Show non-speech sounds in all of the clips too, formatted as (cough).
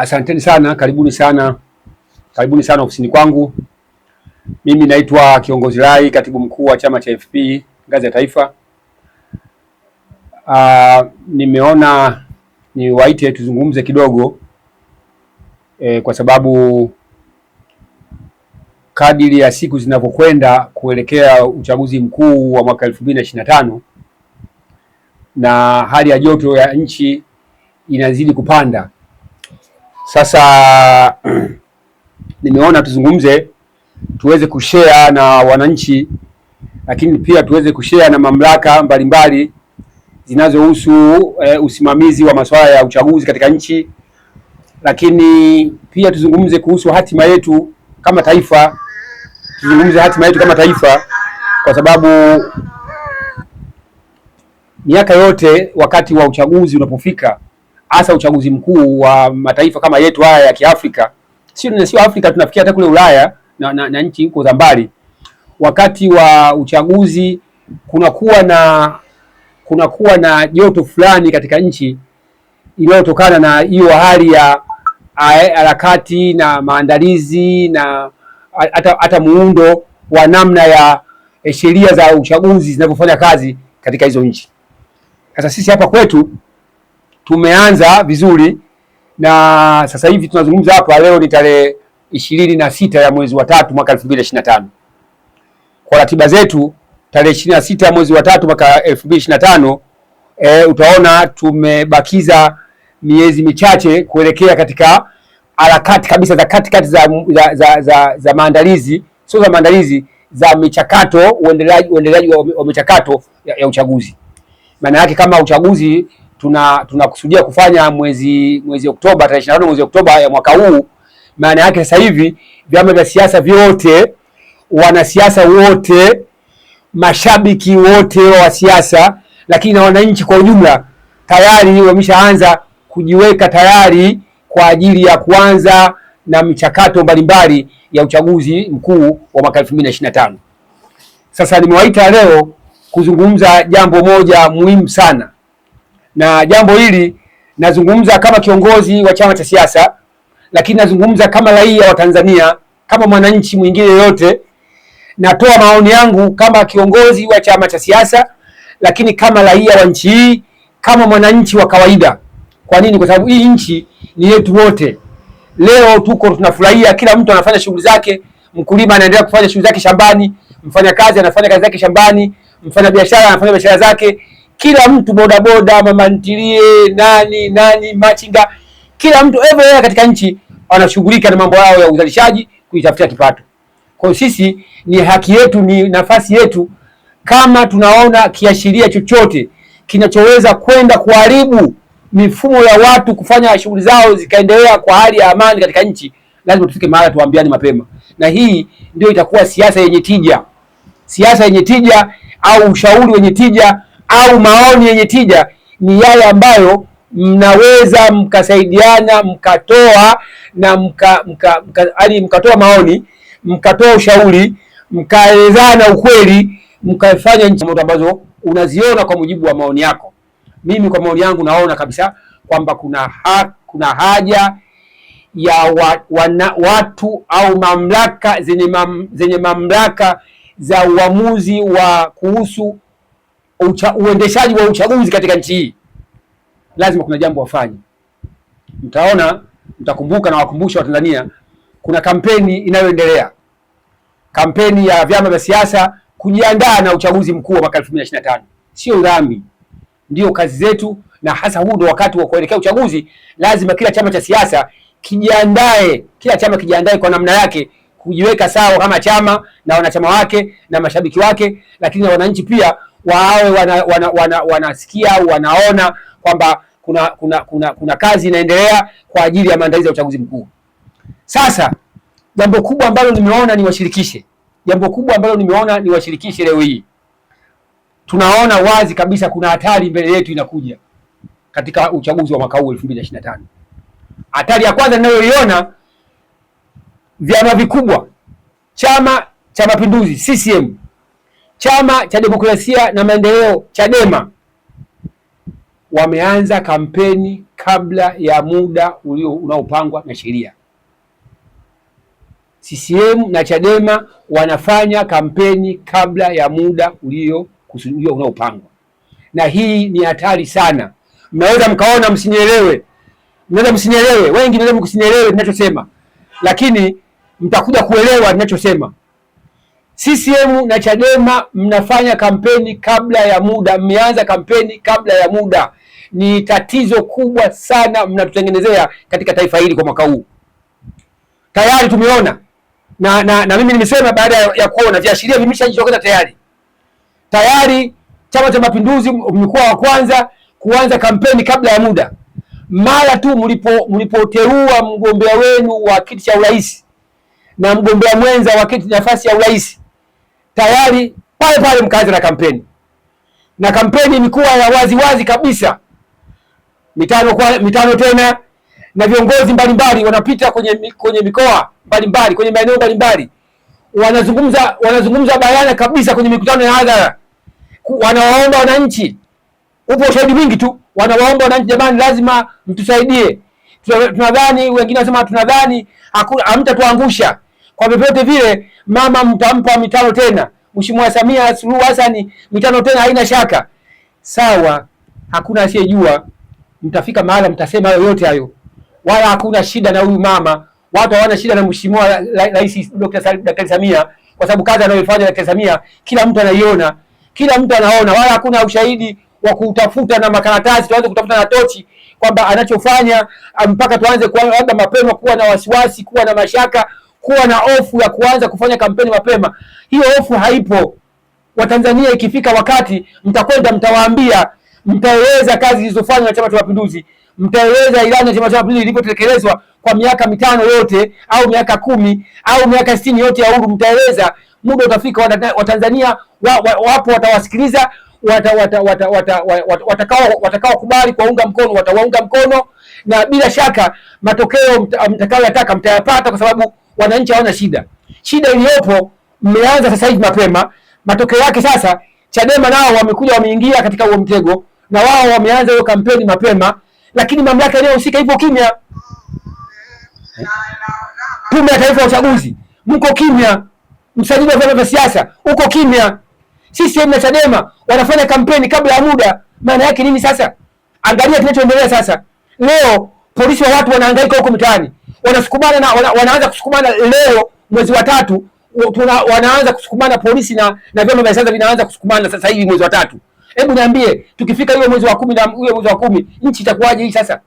Asanteni sana, karibuni sana, karibuni sana ofisini kwangu. Mimi naitwa Kiongozi rai katibu mkuu wa chama cha fp ngazi ya taifa. Uh, nimeona niwaite tuzungumze kidogo eh, kwa sababu kadiri ya siku zinavyokwenda kuelekea uchaguzi mkuu wa mwaka elfu mbili na ishirini na tano na hali ya joto ya nchi inazidi kupanda sasa (clears throat) nimeona tuzungumze, tuweze kushare na wananchi, lakini pia tuweze kushare na mamlaka mbalimbali zinazohusu e, usimamizi wa masuala ya uchaguzi katika nchi, lakini pia tuzungumze kuhusu hatima yetu kama taifa, tuzungumze hatima yetu kama taifa, kwa sababu miaka yote wakati wa uchaguzi unapofika hasa uchaguzi mkuu wa mataifa kama yetu haya ya Kiafrika, sio sio Afrika, tunafikia hata kule Ulaya na, na, na nchi huko za mbali. Wakati wa uchaguzi kunakuwa na kunakuwa na joto fulani katika nchi inayotokana na hiyo hali ya harakati na maandalizi na hata muundo wa namna ya eh, sheria za uchaguzi zinavyofanya kazi katika hizo nchi. Sasa sisi hapa kwetu tumeanza vizuri na sasa hivi tunazungumza hapa, leo ni tarehe ishirini na sita ya mwezi wa tatu mwaka elfu mbili ishirini na tano kwa ratiba zetu tarehe ishirini na sita mwezi wa tatu mwaka elfu mbili ishirini na tano e, utaona tumebakiza miezi michache kuelekea katika harakati kabisa za katikati za, za, za, za, za maandalizi sio za maandalizi za michakato uendeleaji wa michakato ya, ya uchaguzi. Maana yake kama uchaguzi tunakusudia kufanya mwezi mwezi Oktoba tarehe ishirini mwezi Oktoba ya mwaka huu. Maana yake sasa hivi vyama vya siasa vyote, wanasiasa wote, mashabiki wote wa siasa, lakini na wananchi kwa ujumla tayari wameshaanza kujiweka tayari kwa ajili ya kuanza na michakato mbalimbali ya uchaguzi mkuu wa mwaka 2025. Sasa nimewaita leo kuzungumza jambo moja muhimu sana na jambo hili nazungumza kama kiongozi wa chama cha siasa, lakini nazungumza kama raia wa Tanzania, kama mwananchi mwingine yoyote. Natoa maoni yangu kama kiongozi wa chama cha siasa, lakini kama raia wa nchi hii, kama mwananchi wa kawaida. Kwa nini? Kwa sababu hii nchi ni yetu wote. Leo tuko tunafurahia, kila mtu anafanya shughuli zake. Mkulima anaendelea kufanya shughuli zake shambani, mfanyakazi anafanya kazi zake shambani, mfanyabiashara anafanya biashara zake, kila mtu bodaboda, mama ntilie, nani nani, machinga, kila mtu everywhere katika nchi wanashughulika na mambo yao ya uzalishaji, kuitafutia kipato. Kwa sisi ni haki yetu, ni nafasi yetu, kama tunaona kiashiria chochote kinachoweza kwenda kuharibu mifumo ya watu kufanya shughuli zao zikaendelea kwa hali ya amani katika nchi, lazima tufike mahala tuambiane mapema, na hii ndio itakuwa siasa yenye tija, siasa yenye tija au ushauri wenye tija au maoni yenye tija ni yale ambayo mnaweza mkasaidiana mkatoa na mka, mka, mka, ali yaani mkatoa maoni mkatoa ushauri mkaelezana ukweli mkafanya changamoto ambazo unaziona kwa mujibu wa maoni yako. Mimi kwa maoni yangu naona kabisa kwamba kuna, ha, kuna haja ya wa, wana, watu au mamlaka zenye, mam, zenye mamlaka za uamuzi wa kuhusu ucha, uendeshaji wa uchaguzi katika nchi hii lazima kuna jambo wafanye. Mtaona, mtakumbuka na wakumbusha Watanzania, kuna kampeni inayoendelea, kampeni ya vyama vya siasa kujiandaa na uchaguzi mkuu wa mwaka 2025. Sio dhambi, ndio kazi zetu, na hasa huu ndo wakati wa kuelekea uchaguzi. Lazima kila chama cha siasa kijiandae, kila chama kijiandae kwa namna yake kujiweka sawa kama chama na wanachama wake na mashabiki wake, lakini na wananchi pia wawe wanasikia wana, wana, wana au wanaona kwamba kuna, kuna, kuna, kuna kazi inaendelea kwa ajili ya maandalizi ya uchaguzi mkuu. Sasa jambo kubwa ambalo nimeona niwashirikishe, jambo kubwa ambalo nimeona niwashirikishe leo hii, tunaona wazi kabisa kuna hatari mbele yetu inakuja katika uchaguzi wa mwaka huu 2025. Hatari ya kwanza ninayoiona, vyama vikubwa, chama cha Mapinduzi CCM Chama cha Demokrasia na Maendeleo Chadema wameanza kampeni kabla ya muda ulio unaopangwa na sheria. CCM na Chadema wanafanya kampeni kabla ya muda kusudiwa unaopangwa, na hii ni hatari sana. Mnaweza mkaona, msinielewe, mnaweza msinielewe, wengi mnaweza msinielewe ninachosema, lakini mtakuja kuelewa ninachosema. CCM na Chadema mnafanya kampeni kabla ya muda, mmeanza kampeni kabla ya muda. Ni tatizo kubwa sana mnatutengenezea katika taifa hili kwa mwaka huu. Tayari tumeona na, na, na mimi nimesema baada ya kuona viashiria vimeshajitokeza tayari. Tayari Chama cha Mapinduzi mlikuwa wa kwanza kuanza kampeni kabla ya muda, mara tu mlipo mlipoteua mgombea wenu wa kiti cha urais na mgombea mwenza wa kiti nafasi ya urais tayari pale pale mkaanza na kampeni, na kampeni ni ya wazi wazi kabisa, mitano kwa mitano tena, na viongozi mbalimbali wanapita kwenye kwenye mikoa mbalimbali, kwenye maeneo mbalimbali, wanazungumza wanazungumza bayana kabisa kwenye mikutano ya hadhara, wanawaomba wananchi. Upo ushahidi mwingi tu, wanawaomba wananchi, jamani, lazima mtusaidie, tunadhani wengine wanasema tunadhani hamtatuangusha kwa vyovyote vile, mama mtampa mitano tena. Mheshimiwa Samia Suluhu Hassan, mitano tena, haina shaka. Sawa, hakuna asiyejua. Mtafika mahala mtasema hayo yote hayo, wala hakuna shida na huyu mama. Watu hawana shida na mheshimiwa Rais Dr. Samia kwa sababu kazi anayoifanya Dr. Samia kila mtu anaiona, kila mtu anaona, wala hakuna ushahidi wa kutafuta na makaratasi tuanze kutafuta na tochi kwamba anachofanya mpaka tuanze labda mapema kuwa na wasiwasi, kuwa na mashaka kuwa na hofu ya kuanza kufanya kampeni mapema. Hiyo hofu haipo. Watanzania, ikifika wakati mtakwenda, mtawaambia, mtaeleza kazi zilizofanywa na Chama cha Mapinduzi, mtaeleza ilani ya Chama cha Mapinduzi ilivyotekelezwa kwa miaka mitano yote au miaka kumi au miaka sitini yote ya uhuru. Mtaeleza, muda utafika, Watanzania wa, wa, wapo watawasikiliza watakao wata, wata, wata, wata kubali kuwaunga mkono watawaunga mkono, na bila shaka matokeo mtakayoyataka mtayapata kwa sababu wananchi hawana shida. Shida iliyopo mmeanza sasa hivi mapema, matokeo yake sasa Chadema nao wamekuja wameingia katika huo mtego, na wao wameanza hiyo kampeni mapema, lakini mamlaka inayohusika ipo kimya. Tume ya Taifa ya Uchaguzi mko kimya, msajili wa vyama vya siasa uko kimya, CCM na Chadema wanafanya kampeni kabla ya muda. Maana yake nini sasa? Angalia kinachoendelea sasa. Leo polisi wa watu wanahangaika huko mtaani, wanasukumana na wana, wanaanza kusukumana leo mwezi wa tatu tuna, wanaanza kusukumana polisi na na vyombo vya siasa vinaanza kusukumana sasa hivi mwezi wa tatu. Hebu niambie tukifika hiyo mwezi wa kumi na hiyo mwezi wa kumi nchi itakuwaje hii sasa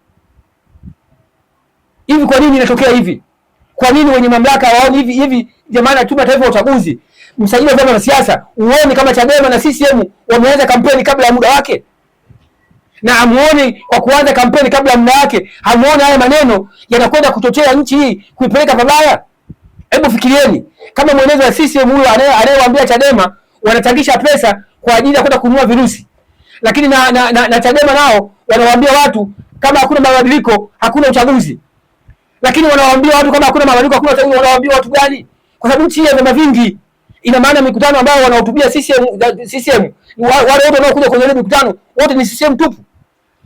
hivi? Kwa nini inatokea hivi? Kwa nini wenye mamlaka waoni hivi hivi? Jamani, Tume Taifa ya Uchaguzi, msajili wa vyama vya siasa, uone kama Chadema na CCM wameanza kampeni kabla ya muda wake na hamuoni kwa kuanza kampeni kabla ya muda wake, hamuoni haya maneno yanakwenda kuchochea nchi hii kuipeleka pabaya? Hebu fikirieni, kama mwenezi wa CCM huyo anayewaambia Chadema wanachangisha pesa kwa ajili ya kwenda kununua virusi, lakini na, na, na, na Chadema nao wanawaambia watu kama hakuna mabadiliko hakuna uchaguzi, lakini wanawaambia watu kama hakuna mabadiliko hakuna uchaguzi. Wanawaambia watu gani? Kwa sababu nchi ya vyama vingi, ina maana mikutano ambayo wanahutubia CCM CCM, wale wote wanaokuja kwenye mikutano wote ni CCM tupu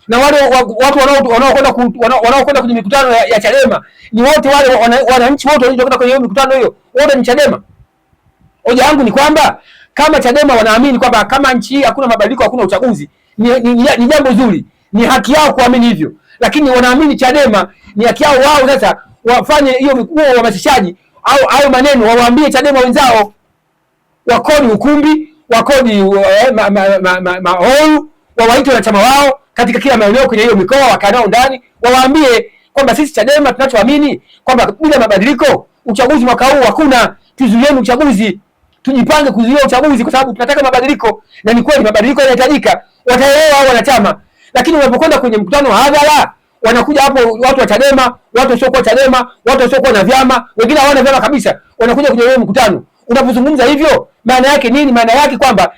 na wale watu wanaokwenda wanaokwenda kwenye mikutano ya, ya Chadema ni wote wale wananchi wote waliokwenda kwenye mikutano hiyo wote ni Chadema. Hoja yangu ni kwamba kama Chadema wanaamini kwamba kama nchi hii hakuna mabadiliko, hakuna uchaguzi, ni, ni, ni, ni jambo zuri, ni haki yao kuamini hivyo, lakini wanaamini Chadema ni haki yao wao sasa wafanye hiyo wa mashishaji au au maneno, wawaambie Chadema wenzao wakodi ukumbi, wakodi eh, ma, ma, ma, ma, ma, maoru, wawaite wanachama wao katika kila maeneo kwenye hiyo mikoa, wakae nao ndani, wawaambie kwamba sisi Chadema tunachoamini kwamba bila mabadiliko uchaguzi mwaka huu hakuna. Tuzuieni uchaguzi, tujipange kuzuia uchaguzi kwa sababu tunataka mabadiliko, na ni kweli mabadiliko yanahitajika. Wataelewa hao wanachama, lakini unapokwenda kwenye mkutano wa hadhara wanakuja hapo watu wa Chadema, watu wasiokuwa Chadema, watu wasiokuwa na vyama, wengine hawana vyama kabisa, wanakuja kwenye huo mkutano. Unapozungumza hivyo, maana yake nini? Maana yake kwamba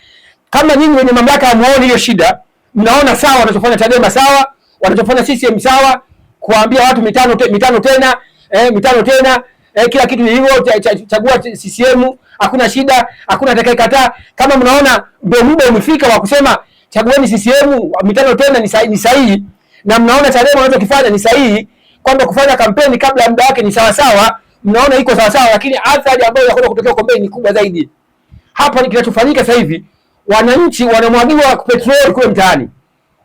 kama nyinyi wenye mamlaka hamuoni hiyo shida mnaona sawa wanachofanya Chadema sawa, wanachofanya CCM sawa, kuambia watu mitano te, mitano tena eh, mitano tena eh, kila kitu ni hivyo ch ch chagua CCM, hakuna shida, hakuna atakayekataa. Kama mnaona ndio muda umefika wa kusema chagueni CCM mitano tena ni sahihi, na mnaona Chadema wanachokifanya ni sahihi, kwamba kufanya kampeni kabla ya muda wake ni sawa sawa, mnaona iko sawa sawa, lakini athari ambayo inakwenda kutokea Kombeni ni kubwa zaidi. Hapa kinachofanyika sasa hivi wananchi wanamwagiwa petroli kule mtaani,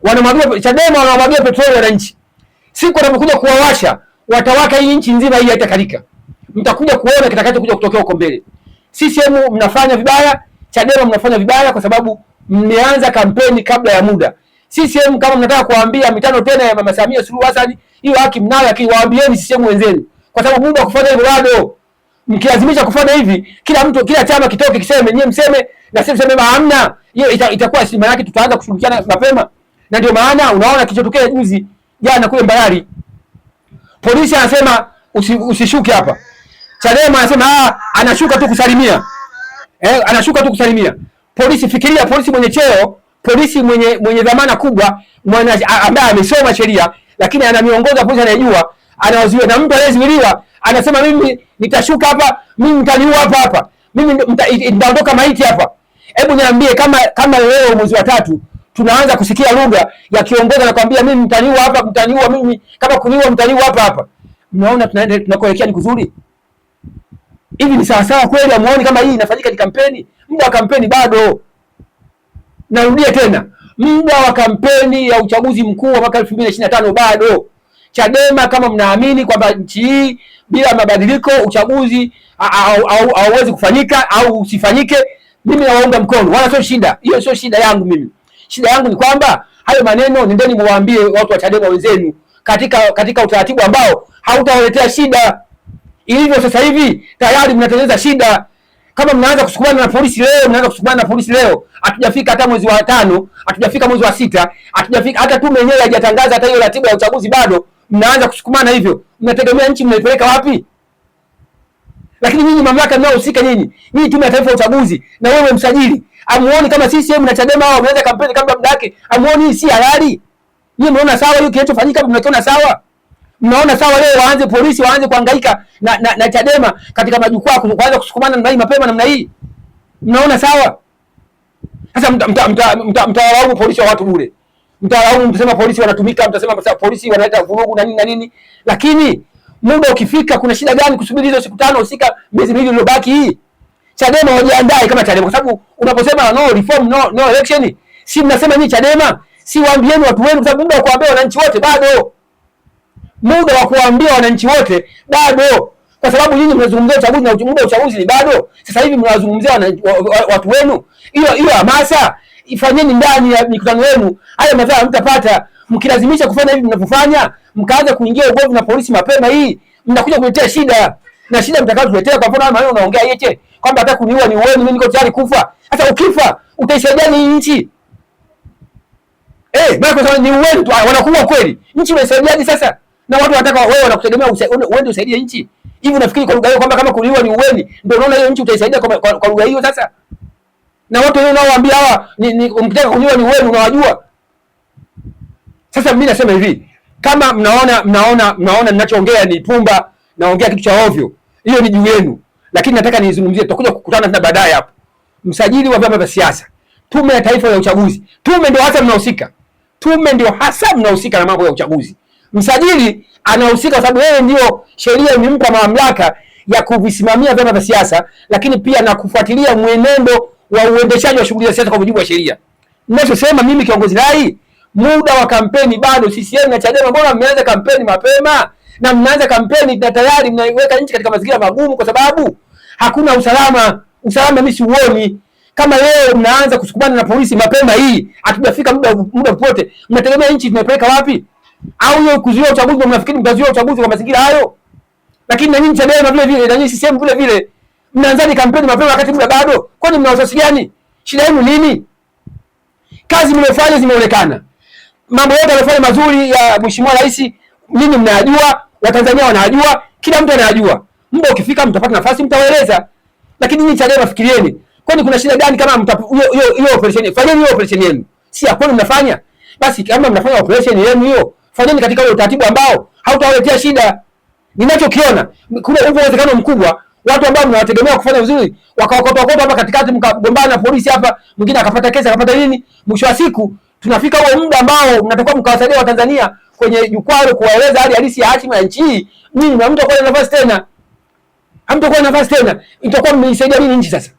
wanamwagiwa Chadema, wanamwagiwa petroli wananchi. Siku wanapokuja kuwawasha, watawaka hii nchi nzima, hii haitakalika. Mtakuja kuona kitakachokuja kutokea huko mbele. CCM mnafanya vibaya, Chadema mnafanya vibaya kwa sababu mmeanza kampeni kabla ya muda. CCM kama mnataka kuambia mitano tena ya Mama Samia Suluhu Hassan, hiyo haki mnayo, lakini waambieni CCM wenzenu, kwa sababu muda wa kufanya hivyo bado. Mkilazimisha kufanya hivi, kila mtu, kila chama kitoke kiseme, nyewe mseme na sisi tuseme hamna, hiyo itakuwa ita, maana yake tutaanza kushirikiana mapema, na ndio maana unaona kilichotokea juzi jana kule Mbarali, polisi anasema usi, usishuke hapa. Chadema anasema ah, anashuka tu kusalimia eh, anashuka tu kusalimia polisi. Fikiria polisi mwenye cheo, polisi mwenye mwenye dhamana kubwa, mwana ambaye amesoma sheria, lakini anamiongoza polisi anayejua anawaziwa na mtu anayezuiliwa anasema mimi nitashuka hapa, mimi nitaniua hapa hapa, mimi nitaondoka maiti hapa. Hebu niambie kama kama leo mwezi wa tatu tunaanza kusikia lugha ya kiongozi anakuambia mimi mtaniua hapa, mtaniua mimi, kama kuniua mtaniua hapa hapa. Mnaona tunakoelekea ni kuzuri? Hivi ni sawa sawa kweli? Amuoni kama hii inafanyika ni kampeni? Muda wa kampeni bado. Narudia tena, muda wa kampeni ya uchaguzi mkuu wa mwaka 2025 bado. Chadema kama mnaamini kwamba nchi hii bila mabadiliko uchaguzi hauwezi kufanyika au usifanyike, mimi nawaunga mkono wala sio shida hiyo, sio shida yangu mimi. Shida yangu ni kwamba hayo maneno nendeni muwaambie watu wa Chadema wenzenu katika katika utaratibu ambao hautawaletea shida. Ilivyo sasa hivi tayari mnatengeneza shida. Kama mnaanza kusukumana na polisi leo, mnaanza kusukumana na polisi leo, hatujafika hata mwezi wa tano, hatujafika mwezi wa sita, hatujafika hata tume yenyewe haijatangaza hata hiyo ratiba ya uchaguzi bado mnaanza kusukumana hivyo. Mnategemea nchi mnaipeleka wapi? Lakini nyinyi mamlaka mnaohusika nyinyi, nyinyi Tume ya Taifa ya Uchaguzi na wewe msajili, amuoni kama CCM na Chadema hao wameanza kampeni kabla muda wake, amuoni hii si halali? Nyinyi mnaona sawa hiyo kinachofanyika, mnakiona sawa? Mnaona sawa leo waanze polisi waanze kuhangaika na, na, na Chadema katika majukwaa kuanza kusukumana namna hii mapema namna hii? Mnaona sawa? Sasa mtawalaumu mta, mta, mta polisi wa watu bure. Mtawalaumu mtasema polisi wanatumika, mtasema polisi wanaleta vurugu na nini na nini. Lakini muda ukifika, kuna shida gani kusubiri hizo siku tano usika miezi miwili iliyobaki hii? Chadema wajiandae kama Chadema, kwa sababu unaposema no reform no, no election, si mnasema nyinyi Chadema, si waambieni watu wenu, kwa sababu muda wa kuambia wananchi wote bado, muda wa kuambia wananchi wote bado, kwa sababu nyinyi mnazungumzia uchaguzi na muda wa uchaguzi ni bado. Sasa hivi mnawazungumzia watu wenu, hiyo hiyo hamasa ifanyeni ndani ya mikutano yenu, haya madhara mtapata mkilazimisha kufanya hivi mnavyofanya, mkaanza kuingia ugomvi na polisi mapema, hii mnakuja kuletea shida na shida mtakao tuletea. Kwa mfano maneno unaongea yeye kwamba hata kuniua ni uweni, mimi niko tayari kufa. Sasa ukifa utaisaidiani ni nchi eh? Mimi kwa sababu ni uweni tu ah, wanakuwa kweli, nchi unaisaidiaje sasa? Na watu wanataka wewe, wanakutegemea uende usaidie nchi hivi. Unafikiri kwa lugha hiyo kwamba kama kuliwa ni uweni, ndio unaona hiyo nchi utaisaidia kwa, kwa, kwa lugha hiyo sasa? Na watu wao unaowaambia hawa ni, ni, mkitaka kuniua ni uweni, unawajua sasa mimi nasema hivi, kama mnaona mnaona mnaona ninachoongea ni pumba, naongea kitu cha ovyo, hiyo ni juu yenu, lakini nataka nizungumzie. Tutakuja kukutana tena baadaye hapo. Msajili wa vyama vya siasa, Tume ya Taifa ya Uchaguzi, tume ndio hasa mnahusika, tume ndio hasa mnahusika na mambo ya uchaguzi. Msajili anahusika kwa sababu yeye ndio sheria imempa mamlaka ya kuvisimamia vyama vya siasa, lakini pia na kufuatilia mwenendo wa uendeshaji wa shughuli za siasa kwa mujibu wa sheria. Ninachosema mimi kiongozi Rai muda wa kampeni bado. CCM na Chadema, mbona mmeanza kampeni mapema na mnaanza kampeni na tayari mnaiweka nchi katika mazingira magumu, kwa sababu hakuna usalama. Usalama mimi siuoni. Kama leo mnaanza kusukumana na polisi mapema, hii hatujafika muda muda popote, mnategemea nchi tumepeleka wapi? Au hiyo kuzuia uchaguzi, ndio mnafikiri mtazuia uchaguzi kwa mazingira hayo? Lakini na nyinyi Chadema vile vile na nyinyi CCM vile vile mnaanzaje kampeni mapema wakati muda bado? Kwani mna wasiwasi gani? Shida yenu nini? Kazi mliofanya zimeonekana mambo yote aliyofanya mazuri ya Mheshimiwa Rais ninyi mnayajua, Watanzania wanajua, kila mtu anayajua. Mbo ukifika mtapata nafasi, mtaeleza. Lakini nyinyi Chadema fikieni, kwani kuna shida gani kama hiyo hiyo operation? Fanyeni hiyo operation yenu, si ya kwenu mnafanya. Basi kama mnafanya operation yenu hiyo, fanyeni katika ule utaratibu ambao hautawaletea shida. Ninachokiona kuna uwezekano mkubwa watu ambao mnawategemea kufanya vizuri wakaokota okota hapa katikati, mkagombana na polisi hapa, mwingine akapata kesi akapata nini, mwisho wa siku tunafika huo muda ambao mnatakiwa mkawasaidie Watanzania kwenye jukwaa la kuwaeleza hali halisi ya hatima ya nchi hii, nyinyi hamtakuwa na nafasi tena, hamtakuwa na nafasi tena. Itakuwa mmeisaidia nini nchi sasa?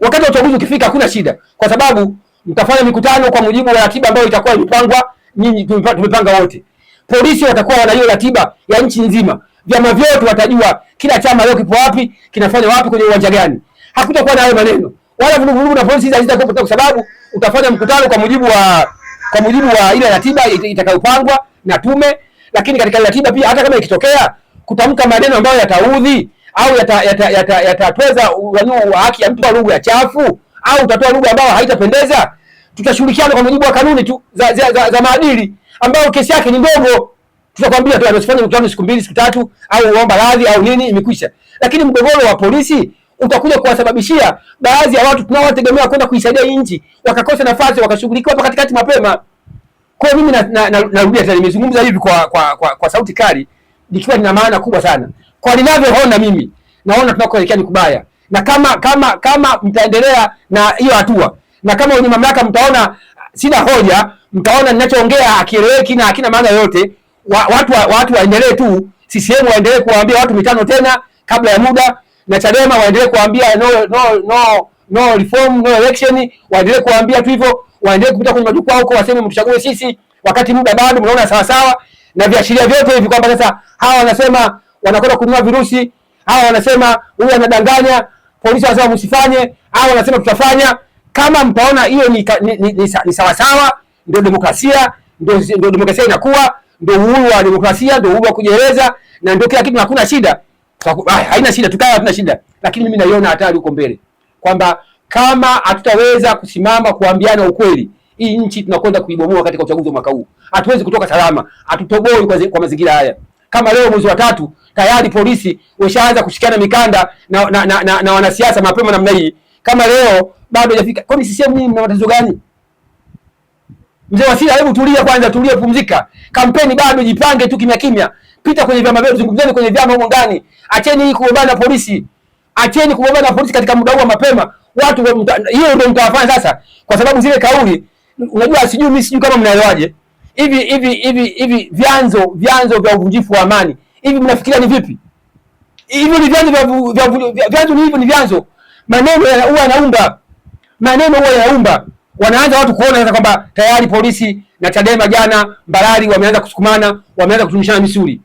Wakati wa uchaguzi ukifika, hakuna shida, kwa sababu mtafanya mikutano kwa mujibu wa ratiba ambayo itakuwa imepangwa, nyinyi tumepanga wote. Polisi watakuwa wana hiyo ratiba ya nchi nzima, vyama vyote watajua, kila chama leo kipo wapi, kinafanya wapi, kwenye uwanja gani. Hakutakuwa na hayo maneno wala vurugu na polisi hizi hazitatoka, kwa sababu utafanya mkutano kwa mujibu wa kwa mujibu wa ile ratiba itakayopangwa na tume, lakini katika ratiba pia, hata kama ikitokea kutamka maneno ambayo yataudhi au yatatweza yata, yata, yata yata, haki ya mtu wa lugha ya chafu au utatoa lugha ambayo haitapendeza, tutashirikiana kwa mujibu wa kanuni tu za, za, za, za maadili ambayo kesi yake ni ndogo. Tutakwambia tu anasifanya mkutano siku mbili siku tatu, au uomba radhi au nini, imekwisha. Lakini mgogoro wa polisi utakuja kuwasababishia baadhi ya watu tunaowategemea kwenda kuisaidia hii nchi wakakosa nafasi wakashughulikiwa hapa katikati mapema. Kwa mimi narudia na, na, na tena nimezungumza hivi kwa, kwa, kwa, kwa sauti kali nikiwa nina maana kubwa sana. Kwa ninavyoona mimi naona tunakoelekea ni kubaya, na kama kama kama mtaendelea na hiyo hatua na kama wenye mamlaka mtaona sina hoja, mtaona ninachoongea akieleweki na hakina maana yoyote, wa, watu wa, watu waendelee tu CCM waendelee kuwaambia watu mitano tena kabla ya muda na Chadema waendelee kuambia no, no, no, no reform no election, waendelee kuambia tu hivyo, waendelee kupita kwenye majukwaa huko, waseme mtuchague sisi, wakati muda bado, mnaona sawa sawa na viashiria vyote hivi kwamba sasa hawa wanasema wanakwenda kununua virusi, hawa wanasema huyu anadanganya, polisi wanasema msifanye, hawa wanasema tutafanya. Kama mtaona hiyo ni, ni, ni, ni, ni sawasawa, ndio demokrasia, ndio demokrasia inakuwa, ndio uhuru wa demokrasia, ndio uhuru wa kujieleza na ndio kila kitu, hakuna shida haina shida, tukae, hatuna shida, lakini mimi naiona hatari huko mbele kwamba kama hatutaweza kusimama kuambiana ukweli, hii nchi tunakwenda kuibomoa katika uchaguzi wa mwaka huu. Hatuwezi kutoka salama, hatutoboi kwa, kwa mazingira haya. Kama leo mwezi wa tatu tayari polisi weshaanza kushikana mikanda na, na, na, na, na wanasiasa mapema namna hii, kama leo bado hajafika, kwani sisi mna matatizo gani? Mzee Wasira, hebu tulia kwanza, tulia, pumzika. Kampeni bado, jipange tu kimya kimya, pita kwenye vyama vyetu, zungumzeni kwenye vyama huko ndani. Acheni hii kugombana na polisi, acheni kugombana na polisi katika muda huu wa mapema. Watu hiyo ndio mtawafanya sasa, kwa sababu zile kauli, unajua, sijui mimi, sijui kama mnaelewaje hivi hivi hivi hivi, vyanzo vyanzo vya uvunjifu wa amani hivi, mnafikiria ni vipi? Hivi ni vyanzo vya vyanzo ni hivyo, ni vyanzo. Maneno huwa yanaumba, maneno huwa yanaumba wanaanza watu kuona sasa kwamba tayari polisi na Chadema jana Mbarali wameanza kusukumana, wameanza kutumishana misuli.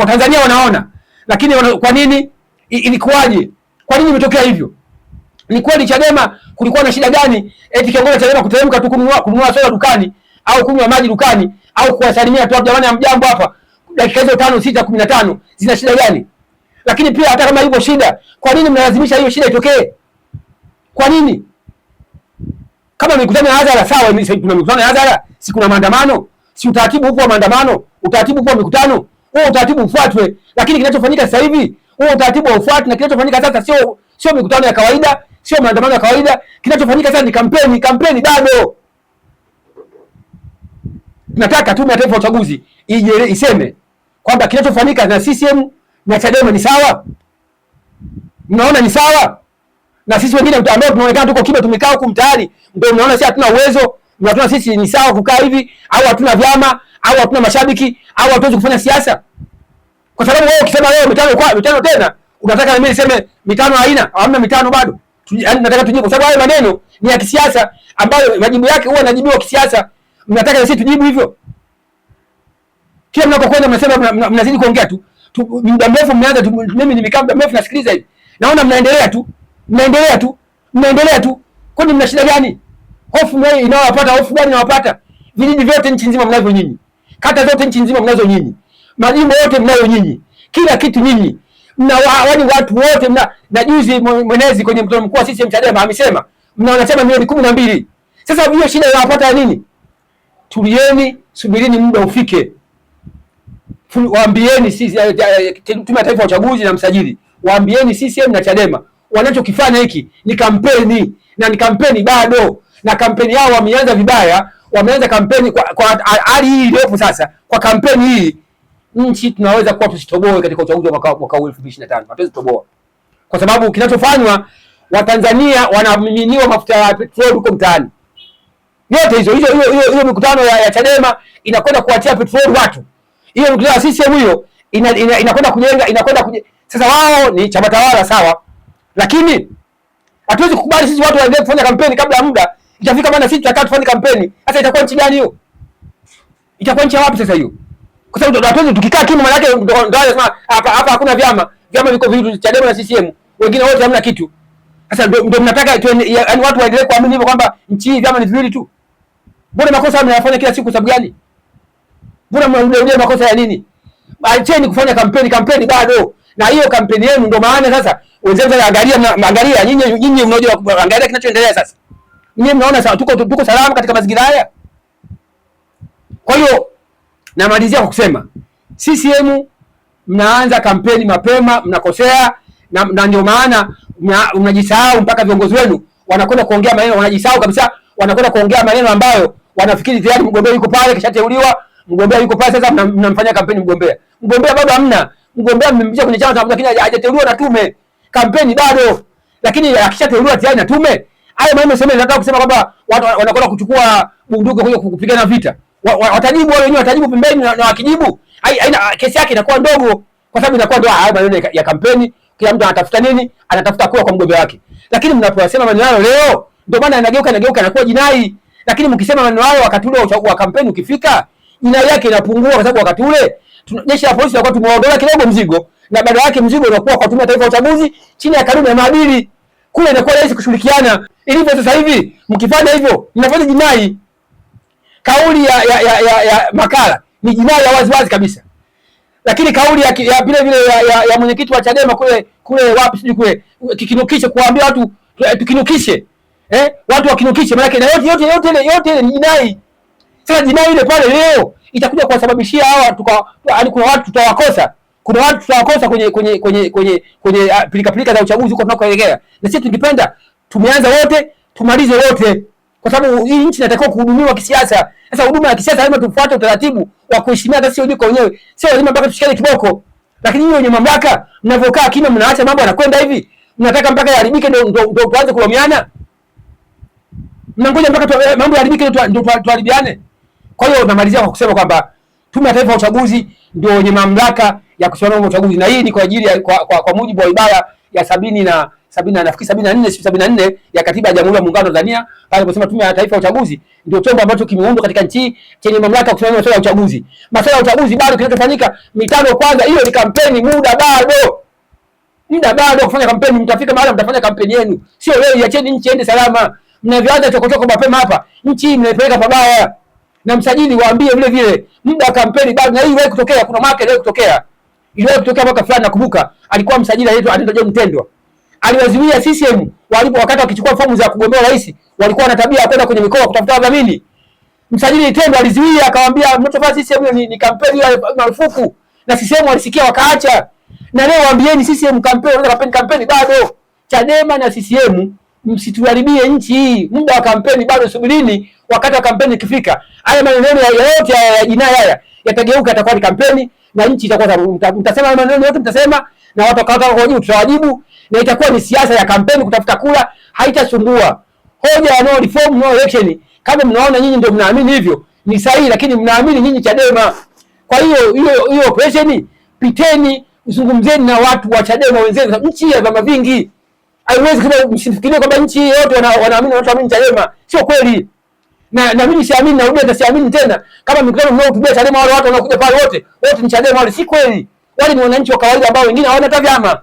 Watanzania wa, wa, wa wanaona, lakini wana, kwa nini ilikuwaje? Kwa nini imetokea hivyo? Ni kweli Chadema kulikuwa na shida gani? Eti kiongozi Chadema kuteremka tu kununua kununua soda dukani au kunywa maji dukani au kuwasalimia tu watu jamani, amjambo hapa, dakika hizo tano sita kumi na tano zina shida gani? Lakini pia hata kama hivyo shida, kwa nini mnalazimisha hiyo shida itokee? Kwa nini? Kama mikutano ya hadhara sawa, kuna mikutano ya hadhara, si kuna maandamano, si utaratibu huko wa maandamano, utaratibu huko wa mikutano, huo utaratibu ufuatwe. Lakini kinachofanyika sasa hivi huo utaratibu haufuatwi, na kinachofanyika sasa sio sio mikutano ya kawaida, sio maandamano ya kawaida. Kinachofanyika sasa ni kampeni, kampeni bado. Nataka Tume ya Taifa ya Uchaguzi ije iseme kwamba kinachofanyika na CCM na Chadema ni sawa. Mnaona ni sawa? na sisi wengine ambao tunaonekana tuko kimya, tumekaa huku mtaani, ndio mnaona sisi hatuna uwezo, mnaona sisi ni sawa kukaa hivi, au hatuna vyama au hatuna mashabiki au hatuwezi kufanya siasa, kwa sababu wewe ukisema leo mitano kwa mitano tena unataka na mimi niseme mitano haina, hamna mitano bado. Yaani nataka tujibu, kwa sababu hayo maneno ni ya kisiasa ambayo majibu yake huwa yanajibiwa kisiasa. Mnataka sisi tujibu hivyo? Kila mnakokwenda mnasema mnazidi kuongea tu muda mrefu, mmeanza. Mimi nimekaa muda mrefu nasikiliza hivi, naona mnaendelea tu mnaendelea tu mnaendelea tu, kwani mna shida gani? Hofu mwe inawapata hofu gani inawapata? Vijiji vyote nchi nzima mnavyo nyinyi, kata zote nchi nzima mnazo nyinyi, majimbo yote mnayo nyinyi, kila kitu nyinyi mna wani watu wote mna. Na juzi mwenezi kwenye mkutano mkuu wa CCM Chadema amesema mna wanachama milioni kumi na mbili. Sasa hiyo shida inawapata ya nini? Tulieni, subirini muda ufike, waambieni sisi Tume ya Taifa ya Uchaguzi na msajili, waambieni CCM na Chadema wanachokifanya hiki ni kampeni na ni kampeni bado, na kampeni yao wameanza vibaya, wameanza kampeni kwa, hali hii iliyopo sasa. Kwa kampeni hii nchi tunaweza kuwa tusitoboe katika uchaguzi wa mwaka huu 2025 hatuwezi toboa, kwa sababu kinachofanywa Watanzania wanamiminiwa mafuta ya petroli huko mtaani. Yote hizo hiyo hiyo mikutano ya, ya Chadema inakwenda kuwatia petroli watu, hiyo mikutano ya CCM hiyo inakwenda ina, ina kujenga inakwenda kujenga. Sasa wao ni chama tawala sawa lakini hatuwezi kukubali sisi watu waendelee kufanya kampeni kabla ya muda. Itafika maana sisi tutakaa tufanye kampeni. Sasa itakuwa nchi gani hiyo? Itakuwa nchi ya wapi sasa hiyo? Kwa sababu hatuwezi tukikaa kimya, maana yake ndio anasema hapa hapa hakuna vyama. Vyama viko viwili, Chadema na CCM. Wengine wote hamna kitu. Sasa ndio mnataka yaani watu waendelee kuamini hivyo kwamba nchi hii vyama ni viwili tu. Mbona makosa mnayafanya kila siku sababu gani? Mbona mnarudia makosa ya nini? Acheni kufanya kampeni, kampeni bado na hiyo kampeni yenu. Ndio maana sasa wenzetu sasa, angalia angalia, nyinyi nyinyi mnaojua, angalia kinachoendelea sasa. Nyinyi mnaona sasa tuko tuko salama katika mazingira haya. Kwa hiyo namalizia kwa kusema CCM mnaanza kampeni mapema, mnakosea na, na ndio maana mnajisahau mpaka viongozi wenu wanakwenda kuongea maneno, wanajisahau kabisa, wanakwenda kuongea maneno ambayo wanafikiri tayari mgombea yuko pale, kishateuliwa mgombea yuko pale. Sasa mnamfanyia mna kampeni mgombea, mgombea bado hamna mgombea mmempisha kwenye chama cha mtu, lakini hajateuliwa na tume, kampeni bado, lakini akishateuliwa tayari na tume. Hayo maneno sema, nataka kusema kwamba watu wanakwenda kuchukua bunduki kuja kupigana vita, watajibu wao wenyewe, watajibu pembeni, na wakijibu haina kesi yake inakuwa ndogo, kwa sababu inakuwa ndio haya maneno ya kampeni. Kila mtu anatafuta nini? Anatafuta kuwa kwa mgombea wake, lakini mnapoyasema maneno hayo leo, ndio maana yanageuka yanageuka yanakuwa jinai. Lakini mkisema maneno hayo wakati ule wa kampeni ukifika, jinai yake inapungua, kwa sababu wakati ule jeshi la polisi litakuwa tumeondoa kidogo mzigo, na baada yake mzigo unakuwa kwa tume ya taifa ya uchaguzi chini ya kanuni ya maadili. Kule inakuwa rahisi kushirikiana. Ilivyo sasa hivi, mkifanya hivyo mnafanya jinai. Kauli ya, ya, ya, ya, ya Makala ni jinai ya wazi wazi kabisa, lakini kauli ya ya vile vile ya, ya, ya mwenyekiti wa Chadema kule kule wapi sijui kule kikinukishe, kuambia watu eh, tukinukishe, eh, watu wakinukishe, maana yote yote yote yote ni jinai. Sasa jinai ile pale leo itakuja kuwasababishia hawa tuka, yaani kuna watu tutawakosa, kuna watu tutawakosa kwenye kwenye kwenye kwenye kwenye ah, pilika pilika za uchaguzi huko tunakoelekea. Na sisi tungependa tumeanza wote tumalize wote, kwa sababu hii nchi inatakiwa kuhudumiwa kisiasa. Sasa huduma ya kisiasa lazima tufuate utaratibu wa kuheshimia, hata sio jiko wenyewe, sio lazima mpaka tushikane kiboko. Lakini yeye wenye mamlaka mnavyokaa kimya, mnaacha mambo yanakwenda hivi, mnataka mpaka yaharibike ndio ndio tuanze kulomiana, mnangoja mpaka eh, mambo yaharibike ndio tuharibiane. Kwa hiyo namalizia kwa kusema kwamba Tume ya Taifa ya Uchaguzi ndio wenye mamlaka ya kusimamia uchaguzi, na hii ni kwa ajili ya kwa, kwa, kwa mujibu wa ibara ya sabini na sabini na nafikiri sabini na nne si sabini na nne ya Katiba ya Jamhuri ya Muungano wa Tanzania pale kusema Tume ya Taifa ya Uchaguzi ndio chombo ambacho kimeundwa katika nchi chenye mamlaka kusimamia masuala ya uchaguzi. Masuala ya uchaguzi bado, kinachofanyika mitano kwanza, hiyo ni kampeni, muda bado muda bado kufanya kampeni. Mtafika mahali mtafanya kampeni yenu, sio leo. Iacheni nchi ende salama. Mnavyoanza chokochoko mapema hapa, nchi mnaipeleka pabaya na msajili waambie vile vile muda kampeni bado, na hii iwahi kutokea, kuna mwaka ile kutokea, iliwahi kutokea mwaka fulani nakumbuka, alikuwa msajili anaitwa anaitwa John Mtendwa, aliwazuia CCM walipo, wakati wakichukua fomu za kugombea rais, walikuwa na tabia ya kwenda kwenye mikoa kutafuta wadhamini. Msajili Mtendwa alizuia, akawaambia mnachofanya CCM ni, ni kampeni ya marufuku, na CCM walisikia wakaacha. Na leo waambieni CCM kampeni, kampeni kampeni bado Chadema na CCM msituharibie nchi hii, muda wa kampeni bado, subirini wakati wa kampeni ikifika, haya maneno yote ya jinai haya yatageuka, yatakuwa ni kampeni na nchi itakuwa, mtasema maneno yote mtasema, na watu wajibu, tutawajibu, na itakuwa ni siasa ya kampeni kutafuta kula, haitasumbua hoja ya no reform no election. Kama mnaona nyinyi ndio mnaamini hivyo ni sahihi, lakini mnaamini nyinyi Chadema. Kwa hiyo hiyo hiyo operation, piteni zungumzeni na watu wa Chadema wenzenu, nchi ya vyama vingi haiwezi kama msifikirie kwamba nchi yote wanaamini wanaamini Chadema, sio kweli. Na na mimi siamini, na Rubia siamini tena. Kama mikutano mnaohutubia Chadema, wale watu wanaokuja pale wote wote ni Chadema wale, si kweli. Wale ni wananchi wa kawaida ambao wengine hawana hata vyama.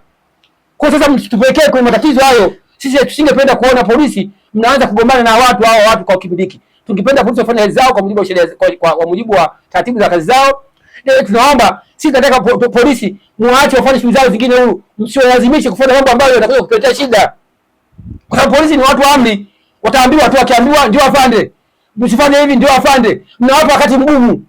Kwa sasa mtupekee kwenye matatizo hayo. Sisi tusingependa kuona polisi mnaanza kugombana na watu hao watu kwa kipindi hiki. Tungependa polisi wafanye kazi zao kwa mujibu wa sheria, kwa, kwa mujibu wa taratibu za kazi zao Eh, Tunaomba sisi tunataka po, po, polisi muache wafanye shughuli zao zingine, huyu msiwalazimishe kufanya mambo ambayo yanakuja kukuletea shida, kwa sababu polisi ni watu amri, wataambiwa tu, wakiambiwa ndio afande, msifanye hivi ndio afande. Mnawapa wakati mgumu,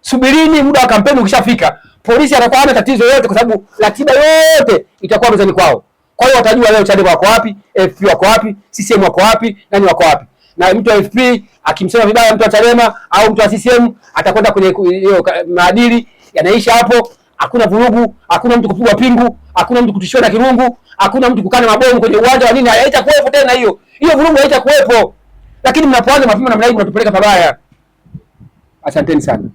subirini, muda wa kampeni ukishafika, polisi atakuwa hana tatizo yote, kwa sababu ratiba yote itakuwa mezani kwao. Kwa hiyo watajua leo Chadema wako wapi, FP wako wapi, CCM wako wapi, nani wako wapi na mtu wa FP akimsema vibaya mtu wa Chadema au mtu wa CCM atakwenda kwenye hiyo maadili, yanaisha hapo. Hakuna vurugu, hakuna mtu kupigwa pingu, hakuna mtu kutishiwa na kirungu, hakuna mtu kukana mabomu kwenye uwanja wa nini. Haitakuwepo tena hiyo hiyo vurugu, haitakuwepo. Lakini mnapoanza mapema namna hii mnatupeleka pabaya. Asanteni sana.